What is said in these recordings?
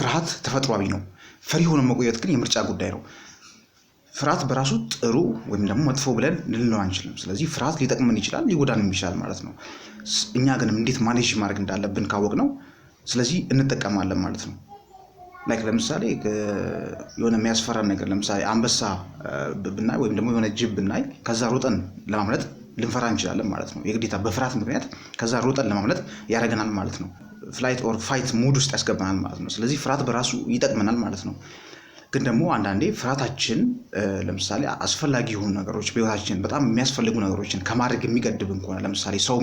ፍርሃት ተፈጥሯዊ ነው። ፈሪ ሆኖ መቆየት ግን የምርጫ ጉዳይ ነው። ፍርሃት በራሱ ጥሩ ወይም ደግሞ መጥፎ ብለን ልንለው አንችልም። ስለዚህ ፍርሃት ሊጠቅመን ይችላል፣ ሊጎዳንም ይችላል ማለት ነው። እኛ ግን እንዴት ማኔጅ ማድረግ እንዳለብን ካወቅ ነው ስለዚህ እንጠቀማለን ማለት ነው። ላይክ ለምሳሌ የሆነ የሚያስፈራ ነገር ለምሳሌ አንበሳ ብናይ ወይም ደግሞ የሆነ ጅብ ብናይ ከዛ ሮጠን ለማምለጥ ልንፈራ እንችላለን ማለት ነው። የግዴታ በፍርሃት ምክንያት ከዛ ሮጠን ለማምለጥ ያደርገናል ማለት ነው። ፍላይት ኦር ፋይት ሙድ ውስጥ ያስገባናል ማለት ነው። ስለዚህ ፍርሃት በራሱ ይጠቅመናል ማለት ነው። ግን ደግሞ አንዳንዴ ፍርሃታችን ለምሳሌ አስፈላጊ የሆኑ ነገሮች በህይወታችን በጣም የሚያስፈልጉ ነገሮችን ከማድረግ የሚገድብን ከሆነ ለምሳሌ ሰው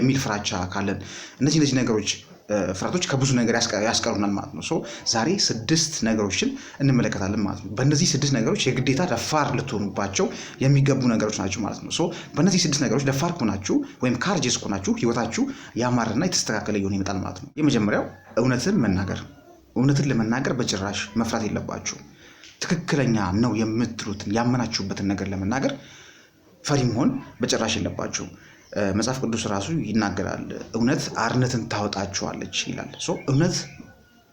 የሚል ፍራቻ ካለን እነዚህ እነዚህ ነገሮች ፍርሃቶች ከብዙ ነገር ያስቀሩናል ማለት ነው። ዛሬ ስድስት ነገሮችን እንመለከታለን ማለት ነው። በእነዚህ ስድስት ነገሮች የግዴታ ደፋር ልትሆኑባቸው የሚገቡ ነገሮች ናቸው ማለት ነው። በእነዚህ ስድስት ነገሮች ደፋር ከሆናችሁ ወይም ካርጅስ ከሆናችሁ ህይወታችሁ ያማረና የተስተካከለ እየሆነ ይመጣል ማለት ነው። የመጀመሪያው እውነትን መናገር። እውነትን ለመናገር በጭራሽ መፍራት የለባችሁ። ትክክለኛ ነው የምትሉትን ያመናችሁበትን ነገር ለመናገር ፈሪ መሆን በጭራሽ የለባችሁ። መጽሐፍ ቅዱስ ራሱ ይናገራል። እውነት አርነትን ታወጣችኋለች ይላል። እውነት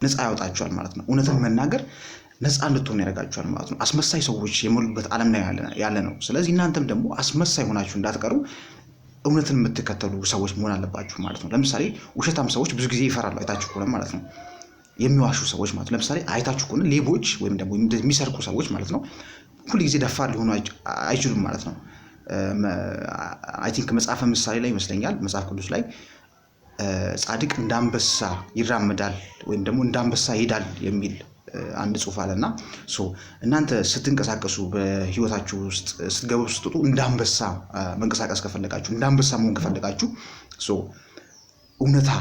ነፃ ያወጣችኋል ማለት ነው። እውነትን መናገር ነፃ እንድትሆን ያደርጋችኋል ማለት ነው። አስመሳይ ሰዎች የሞሉበት ዓለም ላይ ያለ ነው። ስለዚህ እናንተም ደግሞ አስመሳይ ሆናችሁ እንዳትቀሩ እውነትን የምትከተሉ ሰዎች መሆን አለባችሁ ማለት ነው። ለምሳሌ ውሸታም ሰዎች ብዙ ጊዜ ይፈራሉ፣ አይታችሁ ከሆነ ማለት ነው። የሚዋሹ ሰዎች ማለት ለምሳሌ አይታችሁ ከሆነ ሌቦች ወይም ደግሞ የሚሰርቁ ሰዎች ማለት ነው ሁል ጊዜ ደፋር ሊሆኑ አይችሉም ማለት ነው። አይ ቲንክ መጽሐፈ ምሳሌ ላይ ይመስለኛል መጽሐፍ ቅዱስ ላይ ጻድቅ እንዳንበሳ ይራመዳል ወይም ደግሞ እንዳንበሳ ይሄዳል የሚል አንድ አለ አለና እናንተ ስትንቀሳቀሱ በህይወታችሁ ውስጥ ስትገቡ እንደ እንዳንበሳ መንቀሳቀስ ከፈለጋችሁ እንዳንበሳ መሆን ከፈለጋችሁ እውነታ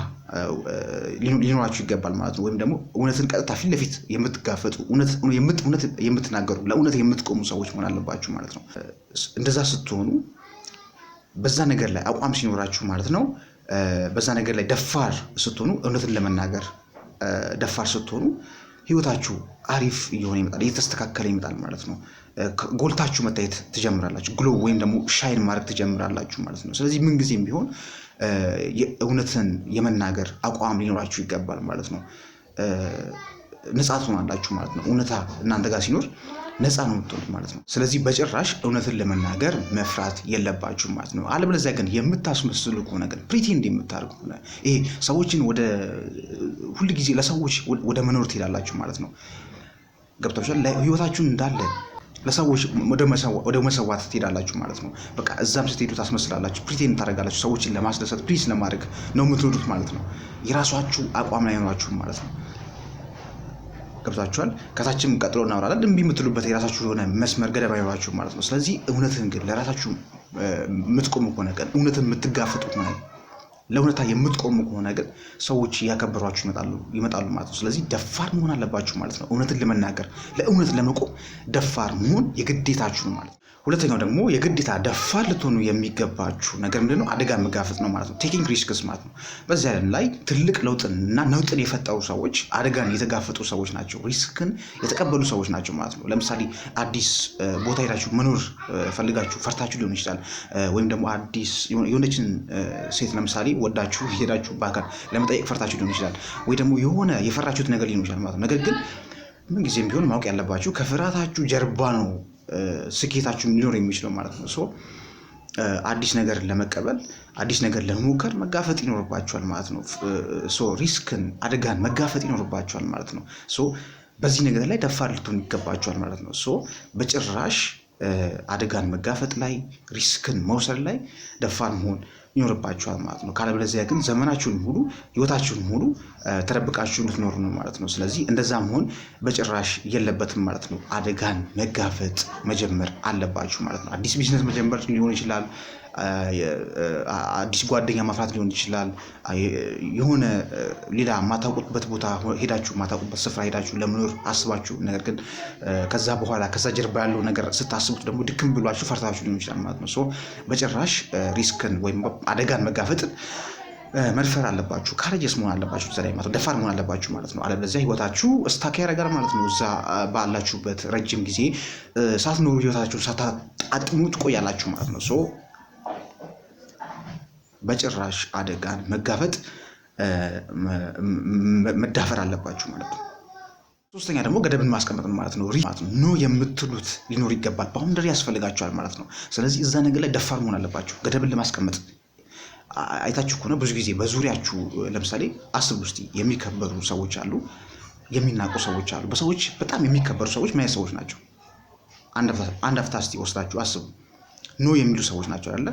ሊኖራችሁ ይገባል ማለት ነው። ወይም ደግሞ እውነትን ቀጥታ ፊት ለፊት የምትጋፈጡ እውነት የምትናገሩ ለእውነት የምትቆሙ ሰዎች መሆን አለባችሁ ማለት ነው። እንደዛ ስትሆኑ በዛ ነገር ላይ አቋም ሲኖራችሁ ማለት ነው። በዛ ነገር ላይ ደፋር ስትሆኑ እውነትን ለመናገር ደፋር ስትሆኑ ህይወታችሁ አሪፍ እየሆነ ይመጣል፣ እየተስተካከለ ይመጣል ማለት ነው። ጎልታችሁ መታየት ትጀምራላችሁ። ግሎ ወይም ደግሞ ሻይን ማድረግ ትጀምራላችሁ ማለት ነው። ስለዚህ ምንጊዜም ቢሆን እውነትን የመናገር አቋም ሊኖራችሁ ይገባል ማለት ነው። ነፃ ትሆናላችሁ ማለት ነው። እውነታ እናንተ ጋር ሲኖር ነፃ ነው የምትሆኑት ማለት ነው። ስለዚህ በጭራሽ እውነትን ለመናገር መፍራት የለባችሁ ማለት ነው። አለበለዚያ ግን የምታስመስሉ ከሆነ ግን ፕሪቴንድ የምታደርጉ ከሆነ ይሄ ሰዎችን ወደ ጊዜ ለሰዎች ወደ መኖር ትሄዳላችሁ ማለት ነው። ገብታችኋል? ህይወታችሁን እንዳለ ለሰዎች ወደ መሰዋት ትሄዳላችሁ ማለት ነው። በቃ እዛም ስትሄዱ ታስመስላላችሁ፣ ፕሪቴን ታደርጋላችሁ። ሰዎችን ለማስደሰት ፕሊዝ ለማድረግ ነው የምትወዱት ማለት ነው። የራሷችሁ አቋም ላይ ሆናችሁም ማለት ነው። ገብታችኋል። ከታችም ቀጥሎ እናወራለን። እምቢ የምትሉበት የራሳችሁ የሆነ መስመር ገደብ አይኖራችሁም ማለት ነው። ስለዚህ እውነትን ግን ለራሳችሁ የምትቆሙ ከሆነ ቀን እውነትን የምትጋፈጡ ሆነ ለእውነታ የምትቆሙ ከሆነ ግን ሰዎች እያከበሯችሁ ይመጣሉ ማለት ነው። ስለዚህ ደፋር መሆን አለባችሁ ማለት ነው። እውነትን ለመናገር ለእውነት ለመቆም ደፋር መሆን የግዴታችሁ ማለት ነው። ሁለተኛው ደግሞ የግዴታ ደፋር ልትሆኑ የሚገባችሁ ነገር ምንድን ነው? አደጋ መጋፈጥ ነው ማለት ነው። ቴኪንግ ሪስክስ ማለት ነው። በዚህ ዓለም ላይ ትልቅ ለውጥን እና ነውጥን የፈጠሩ ሰዎች አደጋን የተጋፈጡ ሰዎች ናቸው። ሪስክን የተቀበሉ ሰዎች ናቸው ማለት ነው። ለምሳሌ አዲስ ቦታ ሄዳችሁ መኖር ፈልጋችሁ ፈርታችሁ ሊሆን ይችላል። ወይም ደግሞ አዲስ የሆነችን ሴት ለምሳሌ ወዳችሁ ሄዳችሁ በአካል ለመጠየቅ ፈርታችሁ ሊሆን ይችላል። ወይ ደግሞ የሆነ የፈራችሁት ነገር ሊሆን ይችላል ማለት ነው። ነገር ግን ምንጊዜም ቢሆን ማወቅ ያለባችሁ ከፍርሃታችሁ ጀርባ ነው ስኬታችሁ ሊኖር የሚችለው ማለት ነው። አዲስ ነገር ለመቀበል አዲስ ነገር ለመሞከር መጋፈጥ ይኖርባቸዋል ማለት ነው። ሶ ሪስክን፣ አደጋን መጋፈጥ ይኖርባቸዋል ማለት ነው። ሶ በዚህ ነገር ላይ ደፋር ልትሆን ይገባቸዋል ማለት ነው። ሶ በጭራሽ አደጋን መጋፈጥ ላይ ሪስክን መውሰድ ላይ ደፋር መሆን ይኖርባችኋል ማለት ነው። ካለበለዚያ ግን ዘመናችሁን ሙሉ ህይወታችሁን ሙሉ ተረብቃችሁ ልትኖሩ ነው ማለት ነው። ስለዚህ እንደዛ መሆን በጭራሽ የለበትም ማለት ነው። አደጋን መጋፈጥ መጀመር አለባችሁ ማለት ነው። አዲስ ቢዝነስ መጀመር ሊሆን ይችላል። አዲስ ጓደኛ ማፍራት ሊሆን ይችላል። የሆነ ሌላ የማታውቁበት ቦታ ሄዳችሁ ማታውቁበት ስፍራ ሄዳችሁ ለመኖር አስባችሁ ነገር ግን ከዛ በኋላ ከዛ ጀርባ ያለው ነገር ስታስቡት ደግሞ ድክም ብሏችሁ ፈርታችሁ ሊሆን ይችላል ማለት ነው። ሶ በጭራሽ ሪስክን ወይም አደጋን መጋፈጥን መድፈር አለባችሁ። ካረጀስ መሆን አለባችሁ። እዛ ማለት ደፋር መሆን አለባችሁ ማለት ነው። አለበለዚያ ህይወታችሁ እስታካ ያደርጋል ማለት ነው። እዛ ባላችሁበት ረጅም ጊዜ ሳትኖሩ ህይወታችሁን ሳታጣጥሙ ትቆያላችሁ ማለት ነው። በጭራሽ አደጋን መጋፈጥ መዳፈር አለባችሁ ማለት ነው። ሶስተኛ ደግሞ ገደብን ማስቀመጥ ማለት ነው። ማለት ነው ኖ የምትሉት ሊኖር ይገባል። ባውንደሪ ያስፈልጋቸዋል ማለት ነው። ስለዚህ እዛ ነገር ላይ ደፋር መሆን አለባችሁ ገደብን ለማስቀመጥ። አይታችሁ ከሆነ ብዙ ጊዜ በዙሪያችሁ ለምሳሌ አስብ ውስጥ የሚከበሩ ሰዎች አሉ፣ የሚናቁ ሰዎች አሉ። በሰዎች በጣም የሚከበሩ ሰዎች ማየት ሰዎች ናቸው? አንድ አፍታ እስቲ ወስዳችሁ አስቡ። ኖ የሚሉ ሰዎች ናቸው አለ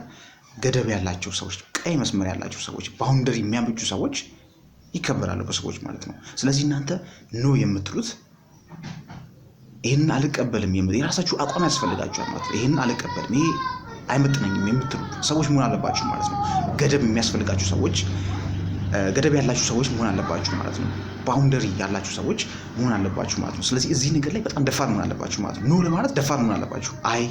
ገደብ ያላቸው ሰዎች ቀይ መስመር ያላቸው ሰዎች፣ ባውንደሪ የሚያበጁ ሰዎች ይከበራሉ በሰዎች ማለት ነው። ስለዚህ እናንተ ኖ የምትሉት ይህንን አልቀበልም የራሳችሁ አቋም ያስፈልጋችኋል ማለት ነው። ይህንን አልቀበልም ይሄ አይመጥነኝም የምትሉ ሰዎች መሆን አለባችሁ ማለት ነው። ገደብ የሚያስፈልጋችሁ ሰዎች ገደብ ያላችሁ ሰዎች መሆን አለባችሁ ማለት ነው። ባውንደሪ ያላችሁ ሰዎች መሆን አለባችሁ ማለት ነው። ስለዚህ እዚህ ነገር ላይ በጣም ደፋር መሆን አለባችሁ ማለት ነው። ኖ ለማለት ደፋር መሆን አለባችሁ። አይ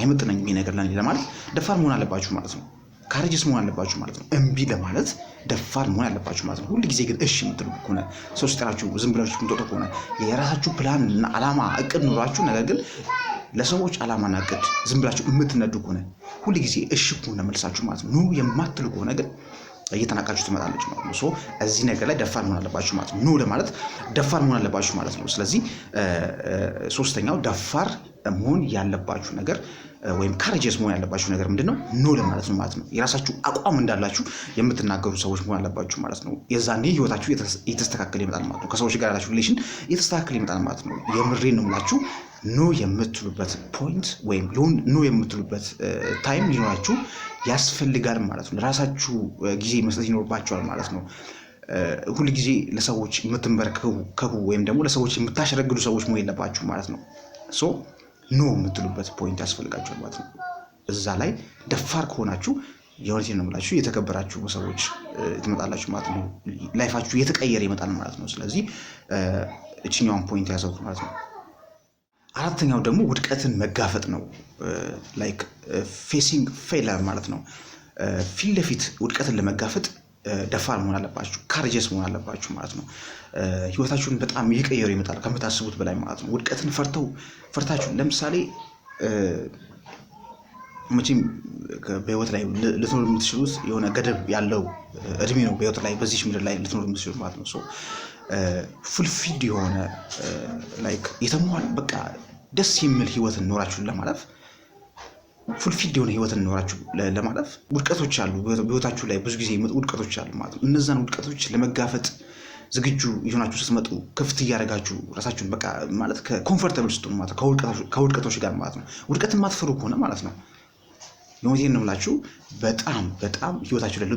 አይመጥነኝም ይሄ ነገር ለማለት ደፋር መሆን አለባችሁ ማለት ነው። ካረጅስ መሆን አለባችሁ ማለት ነው። እምቢ ለማለት ደፋር መሆን አለባችሁ ማለት ነው። ሁል ጊዜ ግን እሽ የምትሉ ከሆነ ሰው ሲጠራችሁ ዝም ብላችሁ የምትወጡ ከሆነ የራሳችሁ ፕላን እና አላማ እቅድ ኑሯችሁ፣ ነገር ግን ለሰዎች አላማና እቅድ ዝም ብላችሁ የምትነዱ ከሆነ ሁል ጊዜ እሺ ከሆነ መልሳችሁ ማለት ነው ኑ የማትሉ ከሆነ ግን እየተናቃችሁ ትመጣለች ማለት ነው። ሶ እዚህ ነገር ላይ ደፋር መሆን አለባችሁ ማለት ነው። ኖ ለማለት ደፋር መሆን አለባችሁ ማለት ነው። ስለዚህ ሶስተኛው ደፋር መሆን ያለባችሁ ነገር ወይም ካሬጀስ መሆን ያለባችሁ ነገር ምንድን ነው? ኖ ለማለት ነው ማለት ነው። የራሳችሁ አቋም እንዳላችሁ የምትናገሩ ሰዎች መሆን አለባችሁ ማለት ነው። የዛኔ ህይወታችሁ የተስተካከል ይመጣል ማለት ነው። ከሰዎች ጋር ያላችሁ ሪሌሽን የተስተካከል ይመጣል ማለት ነው። የምሬ ነው ምላችሁ ኖ የምትሉበት ፖይንት ወይም ኖ የምትሉበት ታይም ሊኖራችሁ ያስፈልጋል ማለት ነው። ለራሳችሁ ጊዜ መስጠት ይኖርባችኋል ማለት ነው። ሁል ጊዜ ለሰዎች የምትንበረከኩ ወይም ደግሞ ለሰዎች የምታሸረግዱ ሰዎች መሆን የለባችሁ ማለት ነው። ሶ ኖ የምትሉበት ፖይንት ያስፈልጋችኋል ማለት ነው። እዛ ላይ ደፋር ከሆናችሁ የእውነቴን ነው የምላችሁ የተከበራችሁ ሰዎች ትመጣላችሁ ማለት ነው። ላይፋችሁ የተቀየረ ይመጣል ማለት ነው። ስለዚህ እችኛውን ፖይንት ያዘውት ማለት ነው። አራተኛው ደግሞ ውድቀትን መጋፈጥ ነው። ላይክ ፌሲንግ ፌለር ማለት ነው። ፊት ለፊት ውድቀትን ለመጋፈጥ ደፋር መሆን አለባችሁ፣ ካርጀስ መሆን አለባችሁ ማለት ነው። ህይወታችሁን በጣም ይቀየሩ ይመጣል ከምታስቡት በላይ ማለት ነው። ውድቀትን ፈርተው ፈርታችሁ ለምሳሌ መቼም በህይወት ላይ ልትኖር የምትችሉት የሆነ ገደብ ያለው እድሜ ነው። በህይወት ላይ በዚች ምድር ላይ ልትኖር የምትችሉት ማለት ነው። ፉልፊድ የሆነ ላይክ የተሟል በቃ ደስ የሚል ህይወት እንኖራችሁ ለማለፍ ፉልፊድ የሆነ ህይወት እንኖራችሁ ለማለፍ ውድቀቶች አሉ። በህይወታችሁ ላይ ብዙ ጊዜ የሚመጡ ውድቀቶች አሉ ማለት ነው። እነዛን ውድቀቶች ለመጋፈጥ ዝግጁ የሆናችሁ ስትመጡ ክፍት እያደረጋችሁ ራሳችሁን በቃ ማለት ኮምፎርተብል ስጡ ማለት ከውድቀቶች ጋር ማለት ነው። ውድቀትን ማትፈሩ ከሆነ ማለት ነው የእውነቴን ነው ብላችሁ በጣም በጣም ህይወታችሁ ላይ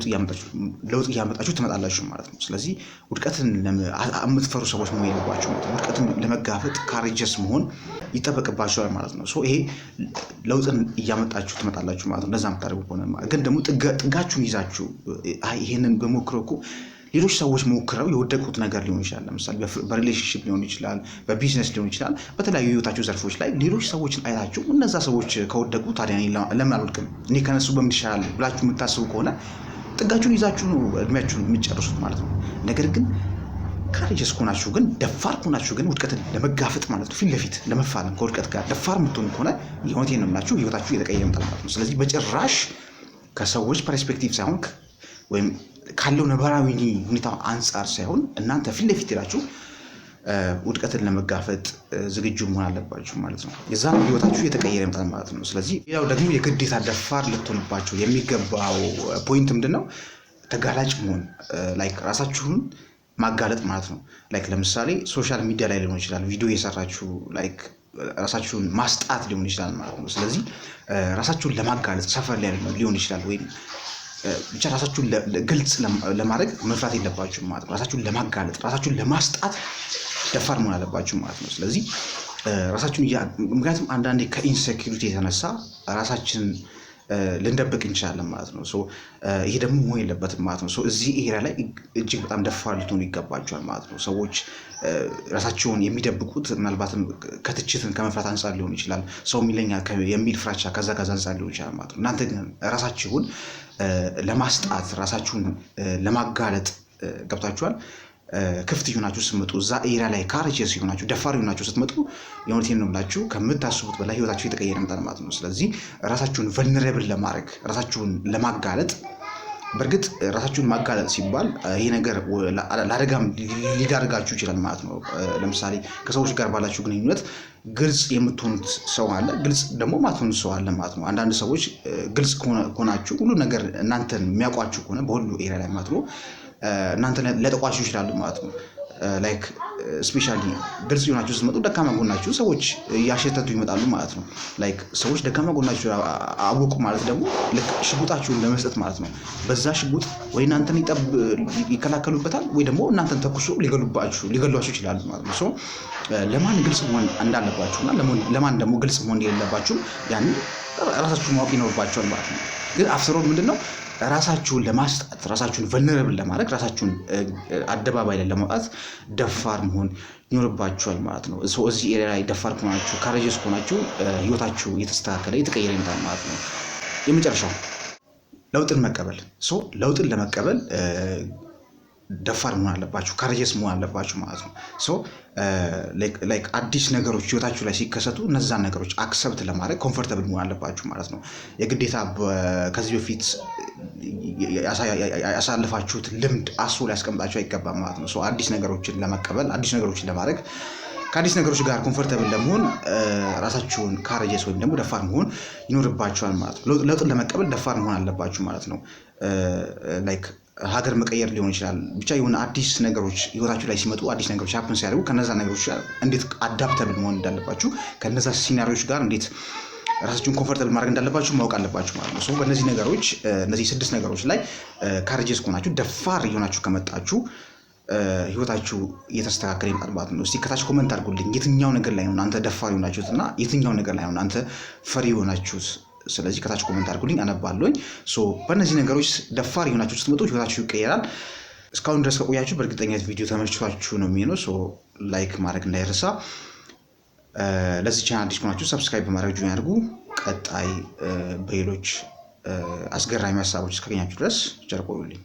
ለውጥ እያመጣችሁ ትመጣላችሁ ማለት ነው። ስለዚህ ውድቀትን የምትፈሩ ሰዎች መሆን የለባችሁ ማለት ነው። ውድቀትን ለመጋፈጥ ካሬጀስ መሆን ይጠበቅባችኋል ማለት ነው። ይሄ ለውጥን እያመጣችሁ ትመጣላችሁ ማለት ነው። ለዛ ምታደርጉ ከሆነ ግን ደግሞ ጥጋችሁን ይዛችሁ ይሄንን በሞክረው እኮ ሌሎች ሰዎች ሞክረው የወደቁት ነገር ሊሆን ይችላል። ለምሳሌ በሪሌሽንሽፕ ሊሆን ይችላል፣ በቢዝነስ ሊሆን ይችላል። በተለያዩ ህይወታቸው ዘርፎች ላይ ሌሎች ሰዎችን አይታችሁ እነዛ ሰዎች ከወደቁ ታዲያ ለምን አልወድቅም እኔ ከነሱ በምን ይሻላል ብላችሁ የምታስቡ ከሆነ ጥጋችሁን ይዛችሁ ነው እድሜያችሁን የምትጨርሱት ማለት ነው። ነገር ግን ካሬጀስ ከሆናችሁ ግን ደፋር ከሆናችሁ ግን ውድቀትን ለመጋፈጥ ማለት ነው ፊት ለፊት ለመፋለም ከውድቀት ጋር ደፋር የምትሆኑ ከሆነ የሆነቴ ነው የምላችሁ ህይወታችሁ እየተቀየረ ይመጣል ማለት ነው። ስለዚህ በጭራሽ ከሰዎች ፐርስፔክቲቭ ሳይሆን ወይም ካለው ነባራዊ ሁኔታ አንጻር ሳይሆን እናንተ ፊት ለፊት ሄዳችሁ ውድቀትን ለመጋፈጥ ዝግጁ መሆን አለባችሁ ማለት ነው። የዛ ህይወታችሁ የተቀየረ ይመጣል ማለት ነው። ስለዚህ ሌላው ደግሞ የግዴታ ደፋር ልትሆንባቸው የሚገባው ፖይንት ምንድን ነው? ተጋላጭ መሆን ላይክ ራሳችሁን ማጋለጥ ማለት ነው። ላይክ ለምሳሌ ሶሻል ሚዲያ ላይ ሊሆን ይችላል ቪዲዮ የሰራችሁ ላይክ ራሳችሁን ማስጣት ሊሆን ይችላል ማለት ነው። ስለዚህ ራሳችሁን ለማጋለጥ ሰፈር ላይ ሊሆን ይችላል ወይም ብቻ ራሳችሁን ግልጽ ለማድረግ መፍራት የለባችሁም ማለት ነው። ራሳችሁን ለማጋለጥ ራሳችሁን ለማስጣት ደፋር መሆን አለባችሁ ማለት ነው። ስለዚህ ራሳችሁን ምክንያቱም አንዳንዴ ከኢንሴኪሪቲ የተነሳ ራሳችን ልንደብቅ እንችላለን ማለት ነው። ይሄ ደግሞ መሆን የለበትም ማለት ነው። እዚህ ኤሪያ ላይ እጅግ በጣም ደፋር ልትሆኑ ይገባቸዋል ማለት ነው። ሰዎች ራሳቸውን የሚደብቁት ምናልባትም ከትችትን ከመፍራት አንጻር ሊሆን ይችላል። ሰው የሚለኛ የሚል ፍራቻ ከዛ ከዛ አንጻር ሊሆን ይችላል ማለት ነው። እናንተ ግን ራሳችሁን ለማስጣት ራሳችሁን ለማጋለጥ ገብታችኋል። ክፍት ሆናችሁ ስትመጡ እዛ ኤሪያ ላይ ካሬጀስ ይሆናችሁ ደፋር ሆናችሁ ስትመጡ የእውነቴን ነው የምላችሁ ከምታስቡት በላይ ህይወታችሁ የተቀየረ ይመጣል ማለት ነው። ስለዚህ ራሳችሁን ቨልነሬብል ለማድረግ ራሳችሁን ለማጋለጥ በእርግጥ ራሳችሁን ማጋለጥ ሲባል ይሄ ነገር ለአደጋም ሊዳርጋችሁ ይችላል ማለት ነው። ለምሳሌ ከሰዎች ጋር ባላችሁ ግንኙነት ግልጽ የምትሆኑት ሰው አለ፣ ግልጽ ደግሞ ማትሆኑት ሰው አለ ማለት ነው። አንዳንድ ሰዎች ግልጽ ከሆናችሁ ሁሉ ነገር እናንተን የሚያውቋችሁ ከሆነ በሁሉ ኤሪያ ላይ ማለት ነው እናንተን ሊያጠቋችሁ ይችላሉ ማለት ነው። ላይክ ስፔሻሊ ግልጽ ሆናችሁ ስትመጡ ደካማ ጎናችሁ ሰዎች እያሸተቱ ይመጣሉ ማለት ነው። ላይክ ሰዎች ደካማ ጎናችሁ አወቁ ማለት ደግሞ ልክ ሽጉጣችሁን ለመስጠት ማለት ነው። በዛ ሽጉጥ ወይ እናንተን ይከላከሉበታል ወይ ደግሞ እናንተን ተኩሶ ሊገሉባችሁ ሊገሏችሁ ይችላሉ ማለት ነው። ሶ ለማን ግልጽ መሆን እንዳለባችሁና ለማን ደግሞ ግልጽ መሆን የሌለባችሁ ያንን ራሳችሁ ማወቅ ይኖርባችኋል ማለት ነው። ግን አፍሰሮን ምንድን ነው ራሳችሁን ለማስጣት ራሳችሁን ቨልነረብል ለማድረግ ራሳችሁን አደባባይ ላይ ለማውጣት ደፋር መሆን ይኖርባችኋል ማለት ነው። እዚህ ኤሪያ ላይ ደፋር ከሆናችሁ ካረጀስ ከሆናችሁ ህይወታችሁ የተስተካከለ የተቀየረ ይመጣል ማለት ነው። የመጨረሻው ለውጥን መቀበል ሶ ለውጥን ለመቀበል ደፋር መሆን አለባችሁ፣ ካረጀስ መሆን አለባችሁ ማለት ነው። ላይክ አዲስ ነገሮች ህይወታችሁ ላይ ሲከሰቱ እነዛን ነገሮች አክሰብት ለማድረግ ኮምፎርተብል መሆን አለባችሁ ማለት ነው። የግዴታ ከዚህ በፊት ያሳልፋችሁት ልምድ አሱ ላይ አይገባም ማለት ነው። አዲስ ነገሮችን ለመቀበል አዲስ ነገሮችን ለማድረግ ከአዲስ ነገሮች ጋር ኮንፈርተብል ለመሆን ራሳችሁን ካረጀስ ወይም ደግሞ ደፋር መሆን ይኖርባችኋል ማለት ነው። ለውጥን ለመቀበል ደፋር መሆን አለባችሁ ማለት ነው። ላይክ ሀገር መቀየር ሊሆን ይችላል። ብቻ የሆነ አዲስ ነገሮች ህይወታችሁ ላይ ሲመጡ አዲስ ነገሮች ሀፕን ሲያደርጉ ከነዛ ነገሮች እንዴት አዳፕተብል መሆን እንዳለባችሁ ከነዛ ሲናሪዎች ጋር እንዴት ራሳችሁን ኮንፈርተብል ማድረግ እንዳለባችሁ ማወቅ አለባችሁ ማለት ነው። በእነዚህ ነገሮች እነዚህ ስድስት ነገሮች ላይ ካርጅስ ከሆናችሁ ደፋር እየሆናችሁ ከመጣችሁ ህይወታችሁ እየተስተካከለ ይመጣል ማለት ነው። እስቲ ከታች ኮመንት አድርጉልኝ። የትኛው ነገር ላይ ነው አንተ ደፋር የሆናችሁት እና የትኛው ነገር ላይ ነው አንተ ፈሪ የሆናችሁት? ስለዚህ ከታች ኮሜንት አድርጉልኝ፣ አነባለሁኝ። በእነዚህ ነገሮች ደፋር የሆናችሁ ስትመጡ ህይወታችሁ ይቀየራል። እስካሁን ድረስ ከቆያችሁ በእርግጠኛት ቪዲዮ ተመችቷችሁ ነው የሚሆነው። ላይክ ማድረግ እንዳይረሳ። ለዚህ ቻናል አዲስ ከሆናችሁ ሰብስክራይብ በማድረግ ጆይን አድርጉ። ቀጣይ በሌሎች አስገራሚ ሀሳቦች እስካገኛችሁ ድረስ ቸር ቆዩልኝ።